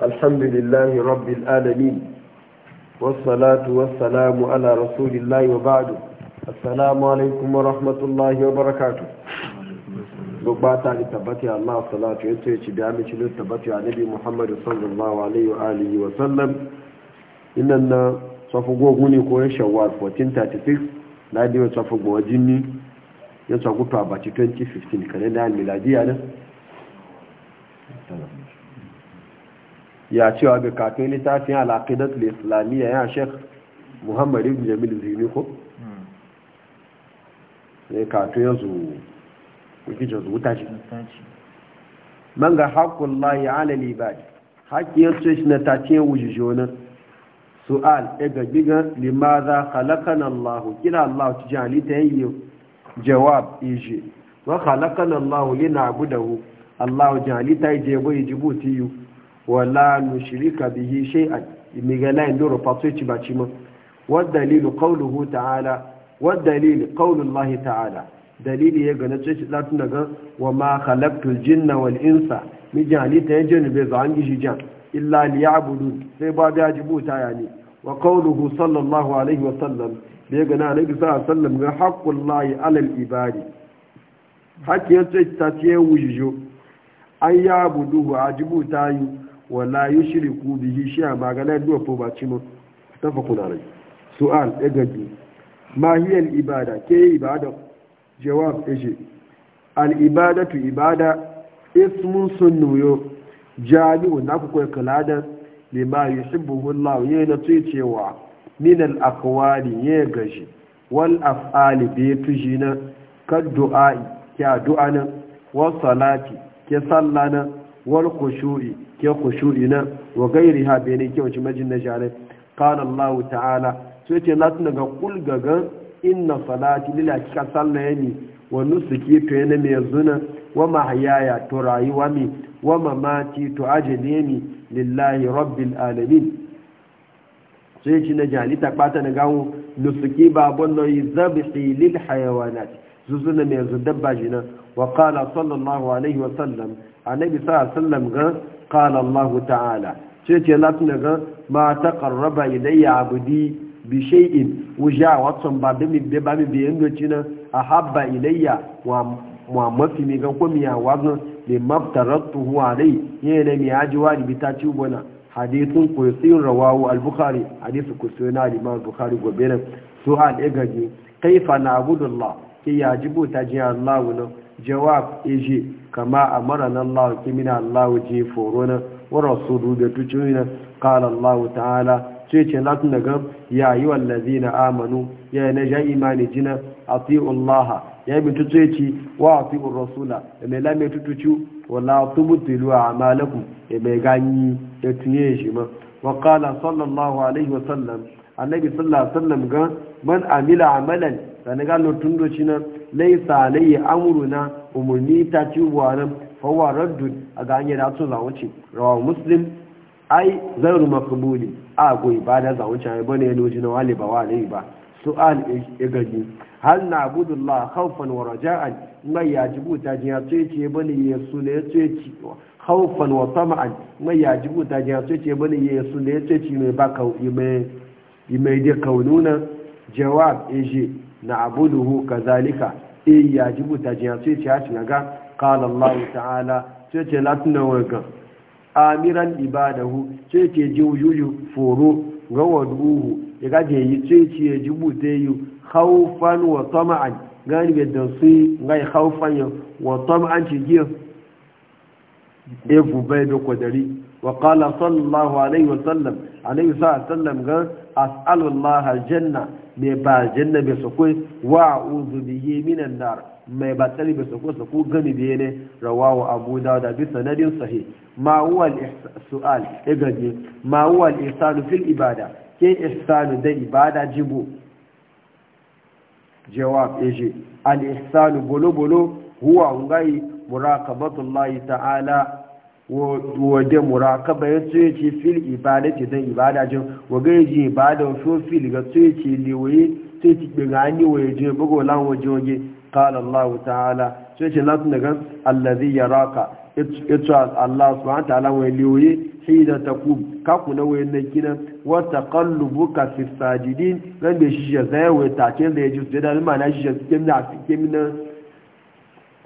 الحمد لله رب العالمين والصلاة والسلام على رسول الله وبعد السلام عليكم ورحمة الله وبركاته gbogbata ni tabbati Allah salatu yato ya ci da amince ne tabbati a nabi Muhammad sallallahu alaihi wa alihi wa sallam inan na safu ko yashin wa 1436 na diwa safu gowa jini ya sa gutu a baci 2015 kare na miladiya ne ya cewa ga kafin littafin al'aqidatul islamiyya ya shek muhammadu ibn jamil zini ko hmm. sai kafin yanzu kuke wuta ce man ga haƙƙun layi ala libadi haƙƙiyar su shi na tace wujujonin su'al daga e bigan limaza halakan allahu Kina allahu ci jali ta yi jawab ije wa halakan allahu lina abu da hu allahu jali ta yi jebo yi jibuti yi wala nushrika bihi shay'an imigala induro patuchi Wa dalilu qawluhu ta'ala wadalilu qawlullahi ta'ala dalili ya ga nace shi zatu daga wa wama khalaqtul jinna wal insa mijali ta yajin be zan shi jan illa liya'budu sai ba ga jibu ta yani wa qawluhu sallallahu alaihi wa sallam be ga na nabi sallam alaihi wa sallam haqqul lahi alal ibadi hakiyar ce ta ce wujujo ayyabudu ajibu ta yi wala yushriku bihi shay'a magana duwa fo ba cimo da alai su'al dagaji ma hiya al ibada ke ibada jawab eje al ibadatu ibada ismun sunnuyo jami'u na ku kai kalada lima yuhibbuhu yi yana tucewa min al aqwali ya gaji wal af'ali bi tujina kad du'a ya du'ana was salati ke sallana wal khushu'i ke khushu'ina wa gairiha ne ke wace majin na jare qala allah ta'ala sai ce la tun daga kul gaga inna salati lila kika sallayani wa nusuki to yana mai zuna wa mahayaya to rayuwa mi wa mamati to ajaleni lillahi rabbil alamin sai ce na jali ta kwata na gawo nusuki babon na yi zabihi lil hayawanat zuzuna mai zudabba jina wa qala sallallahu alaihi wa sallam annabi sallallahu alaihi wa sallam ga qala allah ta'ala ce ce latin daga ma taqarraba ilayya abdi bi shay'in wuja watson ba da mi be ba mi be yanga cina ahabba ilayya wa wa mafi mi gan ko mi ya wa gan le mabtaratuhu alai yana mi haji wajibi ta ci bona hadithun kursiyin rawawu al-bukhari hadithu kursiyin al bukhari gobe nan su haɗe gaji kaifa na abudullah ke yajibu ta jiya Allah jawab eje kama amarana Allah mina Allah je forona wa rasulu da tucuna qala Allah ta'ala sai ce latin daga ya yi wallazina amanu ya na ja imani jina ati'u Allah ya bi tuceci wa ati'u rasula da mai me tucu wala tubtilu a'malakum e mai ganyi da tuye shi ma wa qala sallallahu alaihi wa sallam annabi sallallahu alaihi wa sallam ga man amila amalan sanaga ga lutun do laisa alayhi amruna umurni ta ci wannan fa wa raddu a ga hanyar da su zawuce rawa muslim ai zairu makbuli a go ibada zawuce ai bane ya loji na wale ba wale ba su'al ya gaji hal na abudullah khawfan wa raja'an mai yajibu ta jiya ce ce bane ya su ne khawfan wa tama'an mai yajibu ta jiya ce ce bane ya su ne mai ba kau mai mai da kaununa jawab eje na'buduhu kazalika e ya ji buta jiya sai ce haci naga qala Allah ta'ala sai ce latina waga amiran ibadahu sai ce jiwuyu foro ga waduhu ya gaje yi sai ce ji buta yi haufan wa tama'an gani da su ngai khawfan wa tama'an ci giya bai da kwadari وقال صلى الله عليه وسلم عليه الصلاه والسلام قال اسال الله الجنه ba janna be sokoi wa uzu minan nar mai ba tsari be sokoi soko gani be ne rawahu abu dawud bi sanadin sahih ma huwa al fil ibada ke ihsan da ibada jibu jawab al bolo bolo huwa ngai ta'ala wade murakaba ya tsoye ce fil ibada ce don ibada jin waga ya ji ibada wasu fil ga tsoye ce lewaye tsoye ce ɗin hannu wa ya je bugu lan waje waje kala Allah ta'ala tsoye ce lati daga allazi ya raka ita Allah su an ta'ala wa lewaye shi da ta ku kaku na wayan nan kina wata kallubu ka fi sajidin nan da shi ya zai wa takin da ya ji su da ma na shi ya suke na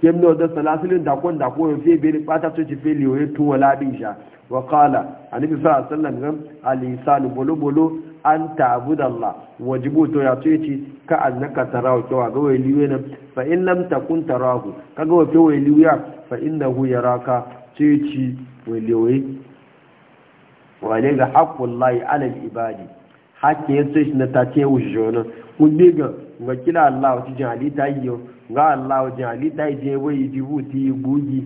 كم نو ده سلاسل داكون داكون في بيري باتا تشي في ليو تو ولا بيشا وقال النبي صلى الله عليه وسلم اللسان bolo bolo an ta'budu Allah wajibu to ya ce ce ka annaka tarahu to ga wai liwe nan fa in lam takun tarahu kaga wai wai liya fa innahu yaraka ce ce wai liwe wale ga haqqullahi ala ibadi hakke yace shi na ta ce wujona kun diga wakila Allah wata yi. ga Allah wajen halitta je wai jibuti bugi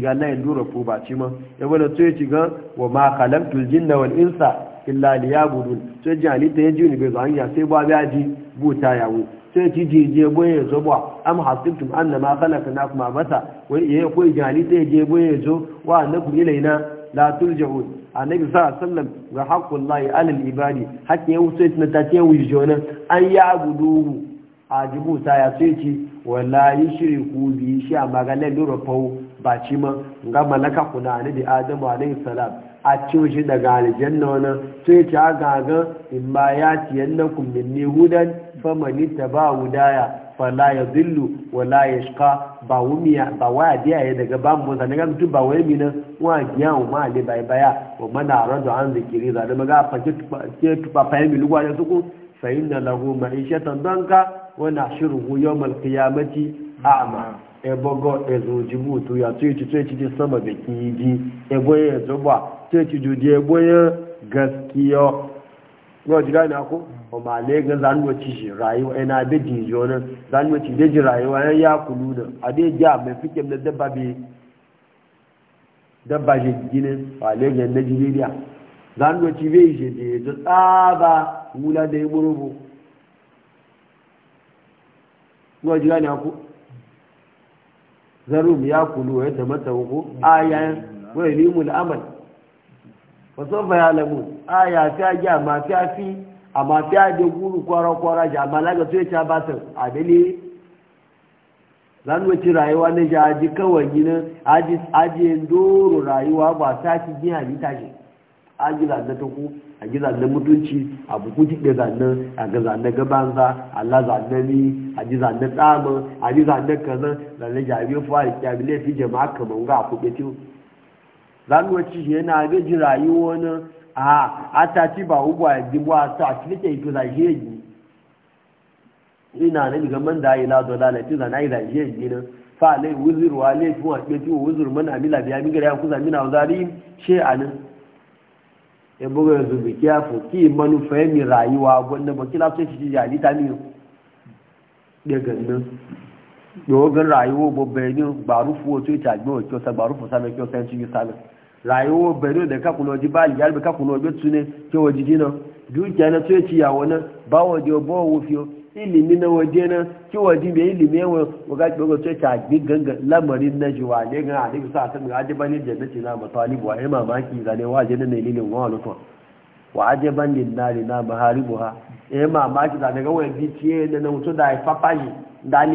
ga lai lura ko ba ci ma ya e wala to yaci ga wa ma khalaqtul jinna wal insa illa liyabudun to yaci halitta ya ji ni bai zanya sai ba ba ji buta yawo to ta je je boye zo ba am hasibtum anna ma khalaqnakum abasa wai ya ko halitta je boye zo wa annakum ilaina la turja'un annabi sallallahu alaihi wasallam ga ala al ibadi hakke ya wuce na ta ce wujona an ya abudu a ta ya ce wala yi shirin ku biyi shi a maganar lura fau ba ci ma ga malaka kuna ni da adamu alayhi salam a cin shi daga aljanna wani sai ta gagan in ba ya ci yannakum ne hudan famani taba hudaya fala ya zillu wala ya ba wumiya ba waya biya ya daga ba mu zane ga ba wai mina wa giya wa ma le bai baya wa mana rado an zikiri zane ma ga fa tupa fa mi lugwa ya suku sayin da lagu ma'ishatan danka wana shiruhu yawmal qiyamati a'ma ebogo ezojibu to ya to ci to ci ji sama da kiji eboye zoba to ci juje eboye gaskiya. go ji gani ako o ma le ga zan ci shi rayuwa ina da dijo nan zan ci da ji rayuwa yan ya kulu da ade fi dabba bi dabba ga zan da yi kuma ji gane ku zarum ya kulu ya mata ku ayan wa ilimul amal wa sofa ya lamu aya ta aja ma fi afi amma fi aje guru kwara kwara ja amma laga so ya ta ba ta adali zan wuce rayuwa na ja aji kawai gina aji aji ndoro rayuwa ba ta ki gina ni ta ji aji da ta ku a gizan na mutunci a bukuki da zanen a ga na gabanza Allah zannan ni aji zanen tsamin aji zanen kazan zanen jami'in fari kyami fi jama'a kamar ga kuɓe tiyo zanwaci yana gaji rayuwa na a ta ci ba ugwa ya ji ba ta ci nake yi to za shi yi ina na daga man da ila da lalati za na yi za shi yi na fa lai wuzurwa laifin wa ɗaya tiyo wuzur man amila biya mi gari ya kusa mina wa zari she a nan ya buga ya zubi kiyafu ki manufa ya mi rayuwa wanda ba kila sai shi jali ta miyo Yi nan yawon rayuwa gbaru wo babbanin barufu wato ya tagbe wa kyosa barufu sanar kyosa yanci yi sanar rayuwa babbanin da kakuna ji ba ligar bi kakuna obi su ne ke wa jiji nan dukiya na ya ciyawa nan ba wa je ba wa fiyo ilimi na waje nan ki wa ji mai ilimi yawan waga ki waga tuye tagbe ganga lamarin na ji wa ne gan alibi sa san ga ajibanin jannati na matalibu wa ya mamaki zane wa je na ililin wa alufa wa ajibanin nari na maharibu ha ma mamaki da daga wani biciye da na mutu da ya fafaye na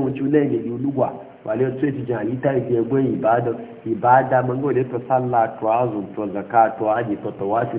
mutu na ya yi lugwa wale ya tsoye tijin halitta ya ibada ibada man gwa da ya to sallah to to to aji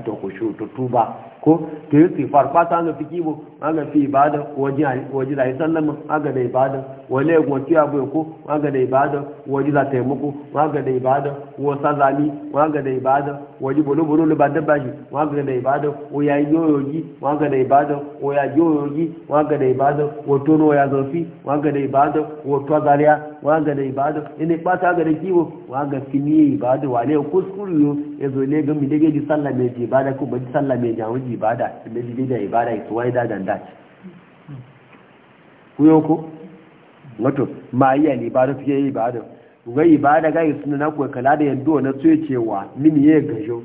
to to to ko to yi sifar fata na fi kibo aga fi ibada waje da yi sallama aga da ibada wale ya gwanci abu ya ko aga da ibada waje da taimako aga da ibada wa zami aga da ibada waje bolo-bolo da ba dabba shi aga da ibada wa ya yi yoyogi aga da ibada wa ya yi yoyogi aga da ibada wa tono ya zafi aga da ibada wa zariya aga da ibada ina fata aga da kibo aga fi ni ibada wale ya kuskuriyo ya zo ne gami mi dage ji sallame ji ibada ko ba ji sallame ji ibada da jibi da ibada wai da than that kuyo ko wato ma yi al ibada fiye yi ibada ga ibada ga yi suna ko kala da yadda na tsoye cewa min ye gajo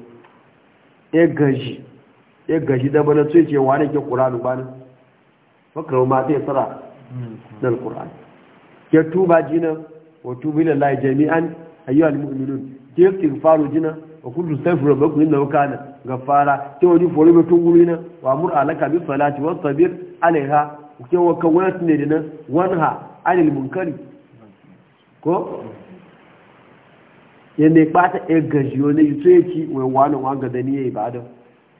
e gaji e gaji da bana tsoye cewa ne ke qur'anu bana fakar ma sai tsara dal qur'an ke tuba jina wa tubu ila jami'an ayyuhal mu'minun ke faru jina wa kullu sayfur rabbakum innahu kana gafara ke wani fori mutun guri na wa mur alaka bi salati wa sabir alaiha ke wa kawat ne dina wanha alil munkari ko yanda ya bata ya gajiyo ne yuto ya ci wai wani wanga da niyya ibada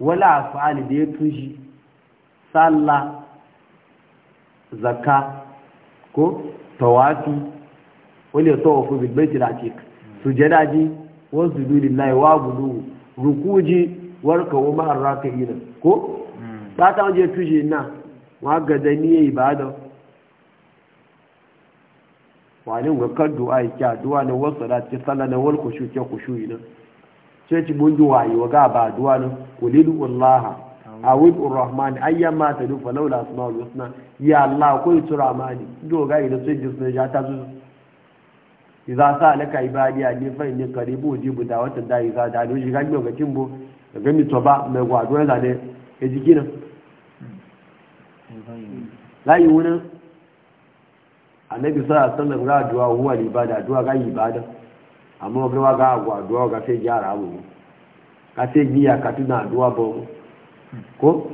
wala fa'ali da ya tushi sallah zakka ko tawafi wani ya tawafu bil da ake atiq sujada ji wasu lillahi wa budu rukuji warka wa ma'ar raka ina ko hmm. ba ta wajen tuje na wa ga da ni yayi ba da wani ga kan du'a ya kya du'a na wasu da ci sallah na wani kushu ke kushu ina sai ci mun du'a yi wa ga ba du'a na kulilu wallaha awud urrahman ma ta dufa laula asma'ul husna ya allah ko tura mani do ga ina sai jisna ja ta zuwa iza sa alaka ibadi a ne ne karibu ji buta wata da iza da ne shi gagbe ga kimbo da gami to ba mai gwado ya zane ya jiki nan layi wuni annabi sa sallam ga duwa huwa ibada duwa ga ibada amma ga wa ga gwado ga sai gyara abu ka sai giya ka tuna duwa ba ko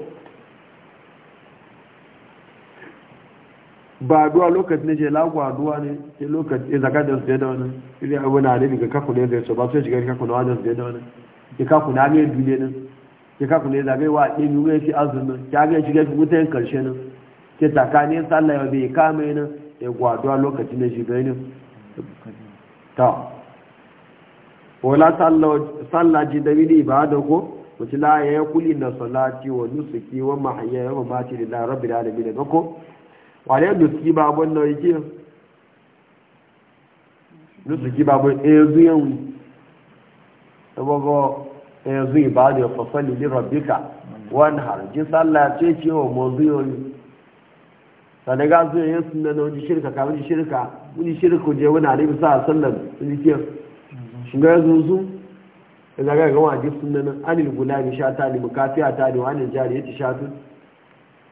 ba duwa lokacin ne je lagwa duwa ne sai lokacin ya zaka da su da wani ili abu na ne daga kaku ne zai so ba sai shiga kaku na wajen su da wani ya kaku na mai duniya nan ya kaku ne zagai wa ɗin yi wani shi azumin ya ga shiga wuta yin karshe nan ke tsakanin sallah ya bai kama yana ya gwaduwa lokacin da shiga yana ta wala sallah ji da wili ba da ko mutu la ya kuli na salati wa nusuki wa mahayya wa mamati da da alamin da ko wàlẹ́ lòsìkí bá bọ́ lọ ikí ọ lòsìkí bá bọ́ ẹ̀ẹ́dún ẹ̀wù ẹgbọ́gọ́ ẹ̀ẹ́dún ìbáàdì ọ̀fọ̀fẹ́lì lè rọ̀bíkà wọ́n hà jí sálà tí ó ṣe ọmọ ọdún orí sàdẹ́gá tó yẹ sùn lẹ́nu ojú ṣírìkà kàwé ojú ṣírìkà ojú ṣírìkà jẹ́ wọn àdébí sáà sọ́lẹ̀m ojú kí ọ ṣùgbọ́n ẹ̀sùn sùn ẹ̀dàgá ìgbọ́n àdé sùn lẹ́nu ánìlùkù láì ní ṣáà tá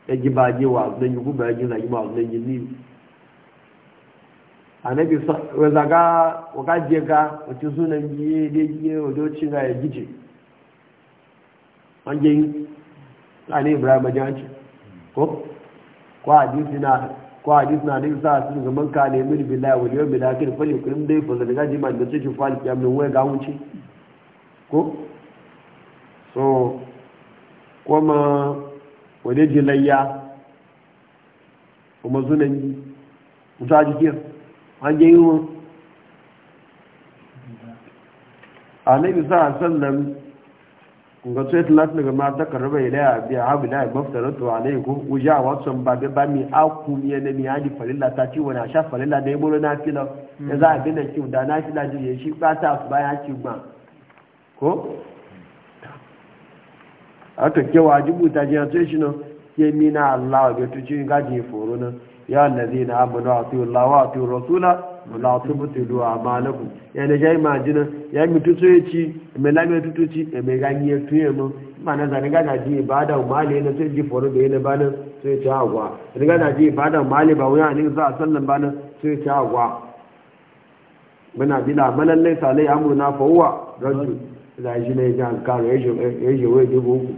yaji baje wa zan yi guba yaji zagi ma yi ni anabi wazaga waga jega wata sunan biye da biye wato cin ga ya gije an je ibrahim janci ko ko hadisi na ko hadisi na nabi sa sun ga manka ne min billahi wal yawm bil akhir fa yukrim dai fa zalga jima da cikin fali kiyam ne wai ga hunci ko so kuma wade jilayya kuma yi mutu a an hangen yi a a nabi sa sannan ga tsohon tilas daga mata karba ya biya abu da mafitarar na alai ko wuja a watson ba bai ba mai aku ne na mai hadi falila ta ci wani a sha falilla da ya buru na filo hmm. ya za a bi na ci da na fila ji ya shi ba ta su ya ci gba ko aka ke wajibu ta jiya sai shi nan ke mina Allah ga cikin gaji foro nan ya allazi na lawa a tuyo Allah wa tuyu rasula mutu duwa a amalakum ya ne jai majina ya mi tutu ci, me la mi tutu ci e mai gani ya tuye mu ma na zane na ji da mali na sai ji foro da yi na bana sai ci agwa ni ga ji ba da mali ba wani ne za sallan bana sai ci agwa muna bila malallai salai amuna fa huwa rajul zai shi ne ya ji alkaru ya ji wai dubu uku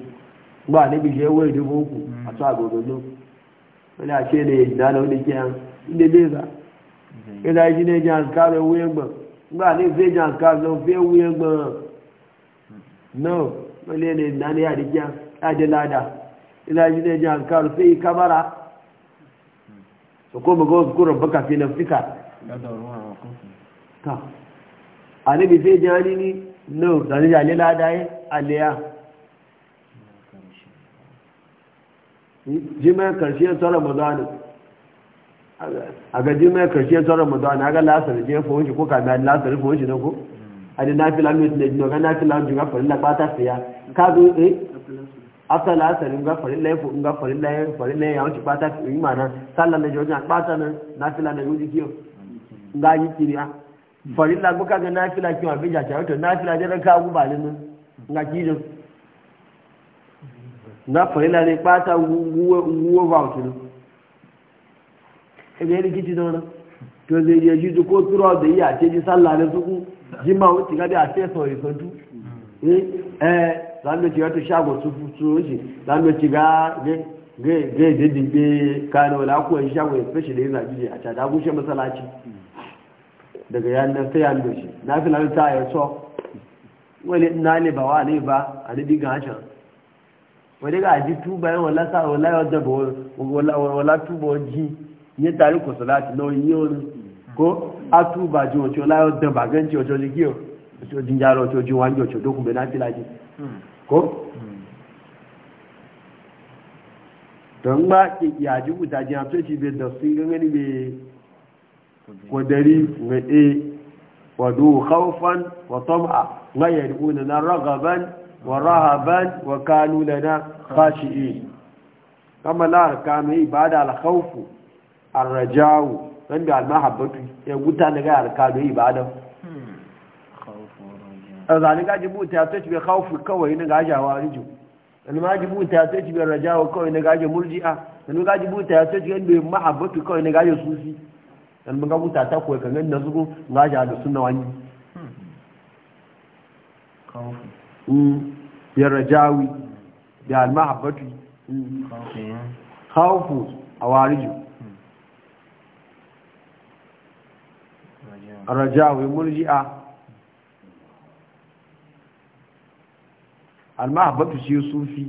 ba mm. na bishe wai dubu wani a ce ne mm-hmm. na da inda bai za ina ne jan kare wuyan ba ba ne sai jan kare no wani ne na ne ya da ne jan kare kamara su kuma ga wasu baka fi nafsika jimai karshe ta ramadana a ga jimai karshe ta ramadana a ga lasar je fahimci ko kamar lasar na ku a da nafi lamis na jino ga nafi lamis ta siya ka zo eh after lasar ga farilla ya ga farilla ya farilla ya wuce ba ta yi mana sallar na jojin nafi ga ga yi kiriya ga nafi bija ta nafi ka gubalin nga na ní pátá wúwó vaut ní ẹgbẹ́ ní kìtì náà tó lè yẹ jí tó kó túrọ̀ ọ̀dẹ̀ yìí àti ẹjí sálà ní tókù jí máa ó ti gádé àti ẹ̀sọ̀ ìsọ̀tú ẹ lámẹ́tì ọ̀tọ̀ ṣàgọ̀ tuntun tó ó sì lámẹ́tì gẹ́ẹ̀dẹ́ dìgbé kánà ọ̀làkùn ẹ̀yí ṣàgọ̀ ìfẹ́ṣẹ̀lẹ̀ daga yanar sai an doshi na fi lalata ya a wọ́n dẹ́gbà àjí túbà ẹ̀wọ̀n lásàwọ̀ láyọ̀dẹ̀bọ̀ wọ́lá túbọ̀ jí ní tàrí kòsò láti lọ yí ó ní kó á túbà jí ọ̀tí láyọ̀dẹ̀bà gẹ́ǹtì ọ̀tí ọjọ́ kí ọ̀tí jíjà rọ̀ ọ̀tí ojú wájú ọ̀tí ọdókùn bẹ̀ láti lájí o tọ́ ń gbá kìkì àjúkù tàjí àtúntò ti bẹ dọ̀sí gẹ́gẹ́ níbi kòdẹ̀rí wẹ̀ẹ́ wọ̀dù wa rahaban wa kanu lana khashi'in kama la arkanu ibada al khawfu ar raja'u dan da al mahabbatu ya guta daga arkanu ibada a zane gaji buta ta ci bai kawai na gaji hawariju dan gaji buta ta ci bai raja'u kawai na gaji murji'a dan gaji buta ta ci bai mahabbatu kawai na gaji sufi dan mun ga buta ta koyi kan nan zugo gaji da sunna wani ya rajawi da almahabbatu wariju a rajawi a almahabbatu shi sufi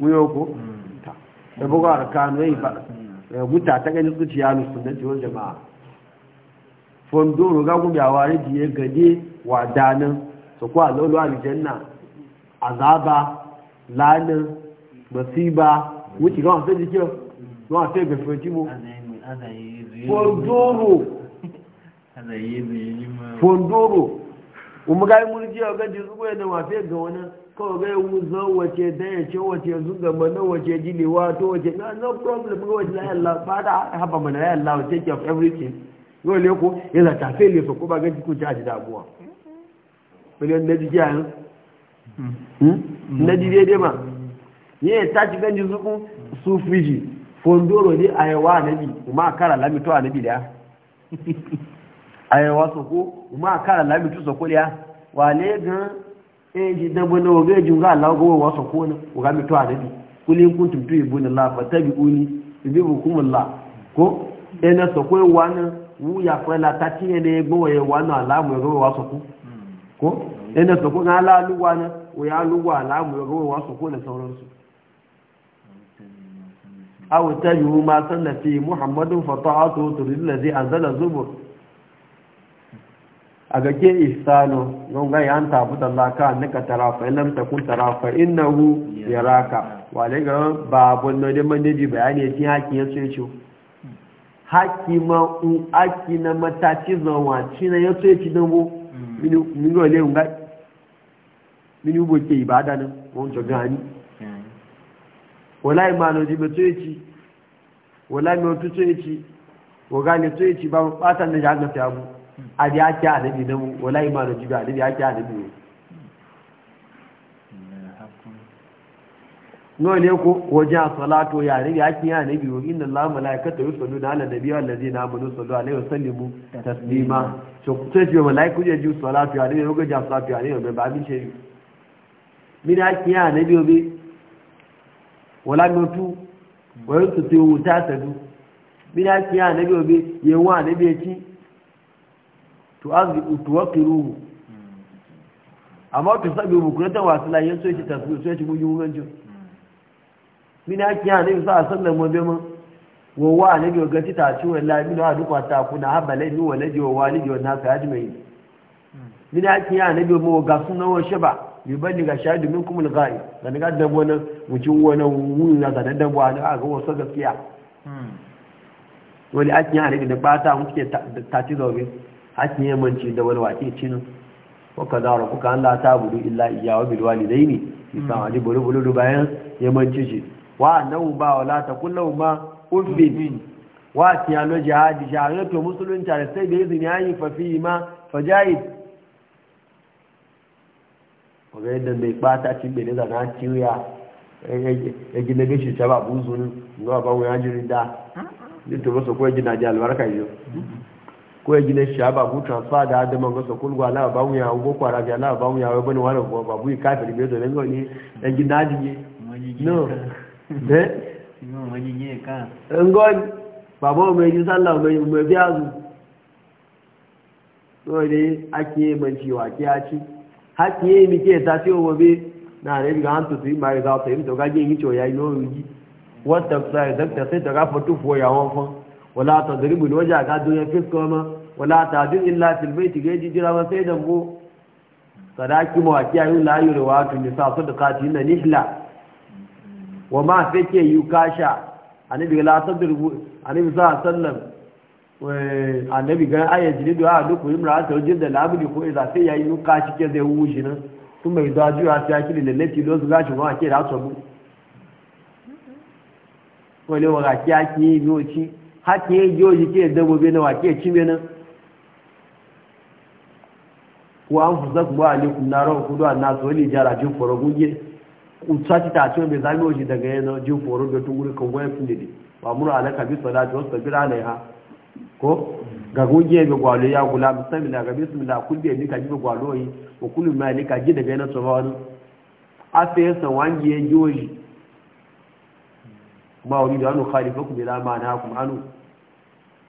wuyoko da hmm. ya yi yayi ya guta ta ganin zuciya musulunci wal jama'a fondoro gagun bi awari diye gade wa danan su kuwa lolo aljanna azaba lana, masiba wuce gawa a se be sai gafe timo fondoro fondoro umugayi mulki a gaji zuwa yana mafi ga wani kawai ga yau zo wace daya ce wace ga mana wace jilewa to wace no problem ga wace la yalla fada haba mana la yalla take of everything yóò lé kó yẹ́nà tàfé lè sọ kó bá gẹ́gẹ́ kó jáde dáàbúwà pẹ̀lú ẹnẹ́jì àyán ẹnẹ́jì déédé mà ní ẹ̀ta ti sókún sún fíjì fòndóró ní ànẹ́bì ọmọ àkàrà lámìtọ́ ànẹ́bì dá ọmọ àkàrà lámìtọ́ dá wà lé gan dẹ́gbẹ́ náà wọ́n wu ya fẹ́ la tati yẹn ala gbọ́ yẹn wà náà aláàmù ẹ̀rọ wà sọ̀kú kó ẹnẹ sọ̀kú náà aláàlúwa náà wò yà alúwa aláàmù ẹ̀rọ wà sọ̀kú lẹ̀ sọ̀rọ̀ sọ̀. awo tẹ́lẹ̀ wù máa sẹ́lẹ̀ fi muhammadu fọ́tọ́ àtò torí lẹ́sí azẹ́lẹ̀ zubur. agake ihsanu gonga yan tabuta laka annaka tara fa lam takun tara fa innahu yaraka wale ga babun no de mande di bayani hakima un aki na mataci zanwa ci na ya tsoye ci don bo mini wale nga mini ubo ke ibada nan wọn jọ gani mm. wala ma imanu ji mai tsoye ci wala mai otu tsoye ci waga ne tsoye ci ba batan da ya gafi abu a da ya mm. ke adabi mu wala ma imanu ji ga adabi ya ke adabi ne no ne ko waje a salatu ya ne ya kiya ne biyo inna Allah malaikata yusalluna ala nabiyyi allazina amanu sallu alaihi wa sallimu taslima to sai ji malaiku je ji salatu ya ne ko ja salatu ya be ba bi shey mi da kiya ne biyo bi wala no tu wa yusu ti wu ta ta du mi da kiya ne nabi bi ye wa nabi bi ci to azbi tuwaqiru amma ka sabi bukuratan la yin so ci tasbihu so ci mu yi mun mini haki ya nabi sa sallan mu ma mun wowa nabi ga ti ta ci wallahi mini a duka ta kuna habale ni wala ji wa walidi wa nasu ajmai mini haki ya nabi mu ga sunna wa shaba yuballi ga shahadu minkum al-ghaib dan ga da wani wucin wani wuni na da da wani a ga wasu gaskiya wani haki ya nabi da bata mu ke ta ci zaube haki ya manci da wani wace cin wa kaza rabbuka an la budu illa iyyahu bil walidaini isa wani bulu bulu bayan ya manci shi wa nan ba wala ta kullu ma ubbin wa ti alo jihadi jihadi to musulunci da sai da izini yayi fa fi ma fajahid ko ga yadda mai bata cin bene da na ciya ya gina gashi ta ba buzun ga ba wuya jiri da ni to ba so ko gina ji albarka yo ko ya gina shi ba hutu fa da adama ga so kulwa ala ba wuya go kwara ga ala ba wuya wai bane wala ba bu kafir be do ne ngoni ya gina ji no ngọ́ni bàbá ọmọ ẹjú sálà ake ẹbí àrùn náà ní akíyè mọ̀jìwà kí a ṣí akíyè mi kí ẹ̀ta tí ó wọ bí náà rẹ̀ bí káwọn tuntun ìmọ̀ àríkà ọ̀tọ̀ èmi tọ́ka ya ìyíṣẹ́ ọ̀yà iná òru yìí wọ́n tẹ̀sán ìdọ́kítà sí tọ́ka fọ́tò fọ́ ìyá wọn fún wọn látọ̀ torí bùnú ọjà àgádùn yẹn fífọ́ ọmọ wọn látọ̀ àdúgbò ńlá tìlúbẹ́ ìtìgẹ́ jíjẹ́ra wọn fẹ́ẹ́ dàgbò sàdákì mọ̀ àkíyà yóò láàyò rẹ̀ wá tùmí sáà sọ́dọ̀ká tì í nà níhìlá wa ma ke yi kasha annabi la tadrubu annabi sallallahu alaihi wasallam eh, annabi ga aya jilidu a duk imra ta jin da labudi ko iza sai yayi yuka kashi ke zai wuji nan tun mai daju ya ta kili lalle ti lo zuga shi ba ke da sabu wale wa ga kiya ki yoci hake yoji ke dabobe na wa ke cime nan wa an fusa kuma na naro kudu an nasu wani jara jin foro guje utsati ta ce mai zami waje daga yana jin foro da tun wuri kan da fundidi ba mura alaka bi salati wasu tafi rana ha ko ga gogiye ga gwalo ya gula musamman ga bisu kulli ne ka ji ga gwalo yi ko kulun ma ne ka ji daga yana so wani wani afa yasa wangi ya ji waje ma wani da anu khalifakum ila ma na hakum anu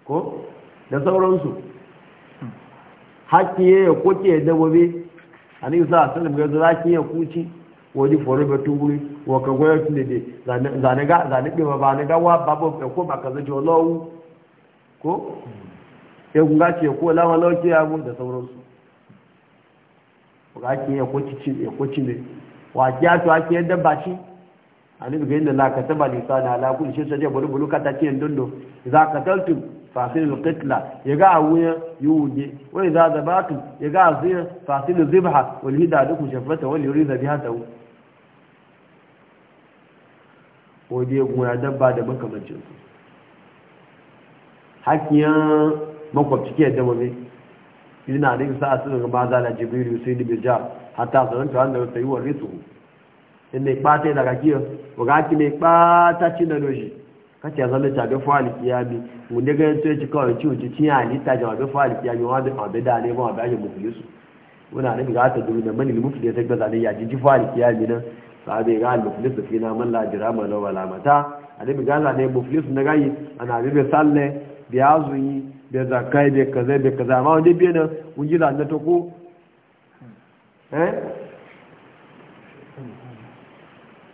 ko da sauransu hakki ya koke dabobe a sallallahu alaihi wasallam ga zaki ya kuci wani foro ba tunguri wa ka goya tun da zane ga zane ba ne ga wa babu ka ko ba ka zaje lawu ko ya kunga ce ko lawa lawa ke yago da sauransu ba ke ya koci ci ya koci ne wa kiya to ake yadda ba shi ani bi gain da la ka taba na ala shi shay saje bulu bulu kata ci ndondo za ka yi wuge wani za a zaba wa ya ga a aziya fasil zibha wani hidadu shafata wal yurida ta tawu ko dai goya dabba da makamancin su hakiyan makwabci ke da mabe ina da isa a sunan ba za la jibril sai da bija hatta sanan to Allah sai wa risu inda ipata da gakiyo ga ki ne ipata ci da loji kace zalla ta ga ya bi mun daga to ci kawai ci ci ci ali ta ga ga fali kiyami wa da abada ne ba ba ya mukhlisu muna da ga ta duru da mani mufti da zai ga zalla ya ji ya bi nan sahabe ga muflis fi na man la jirama la wala mata ali bi Allah ne muflis na gayi ana be salle bi azuyi da zakai da kaza da kaza amma wani bi ne kun ji na to ko eh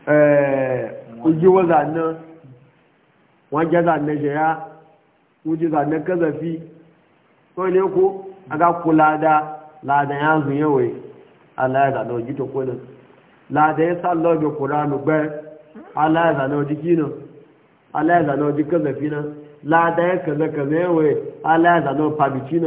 eh kun ji wazanna wajen zanne jaya kun ji kaza fi to ne ko aga kula da ladan yanzu yawai Allah ya da wajen to ko ne láti ẹ́ sá lọ́jọ́ kòránù gbẹ́ aláìsànà ọdí kínà aláìsànà ọdí kẹsẹ̀fínà láti ẹ́ kẹsẹ̀kẹsẹ̀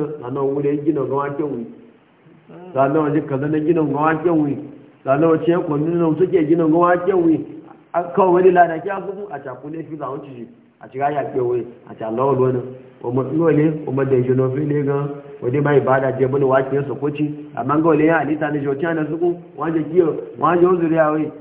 gan wáńtẹ̀ wadai mai bada je bune wace ya sokoci amma ga wale ya halitta ne jauci na suku wajen kiyo wajen uzuri ya wai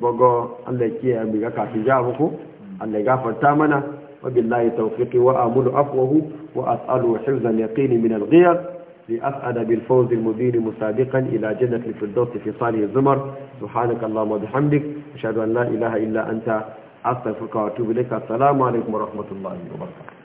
bago Allah ke ya biga kafin ja muku Allah gafarta mana wa billahi tawfiqi wa amuru afwahu wa as'alu hifzan yaqini min al-ghiyab لأسعد بالفوز المدير مسابقا إلى جنة الفردوس في صالح الزمر سبحانك اللهم وبحمدك أشهد أن لا إله إلا أنت أستغفرك وأتوب إليك السلام عليكم ورحمة الله وبركاته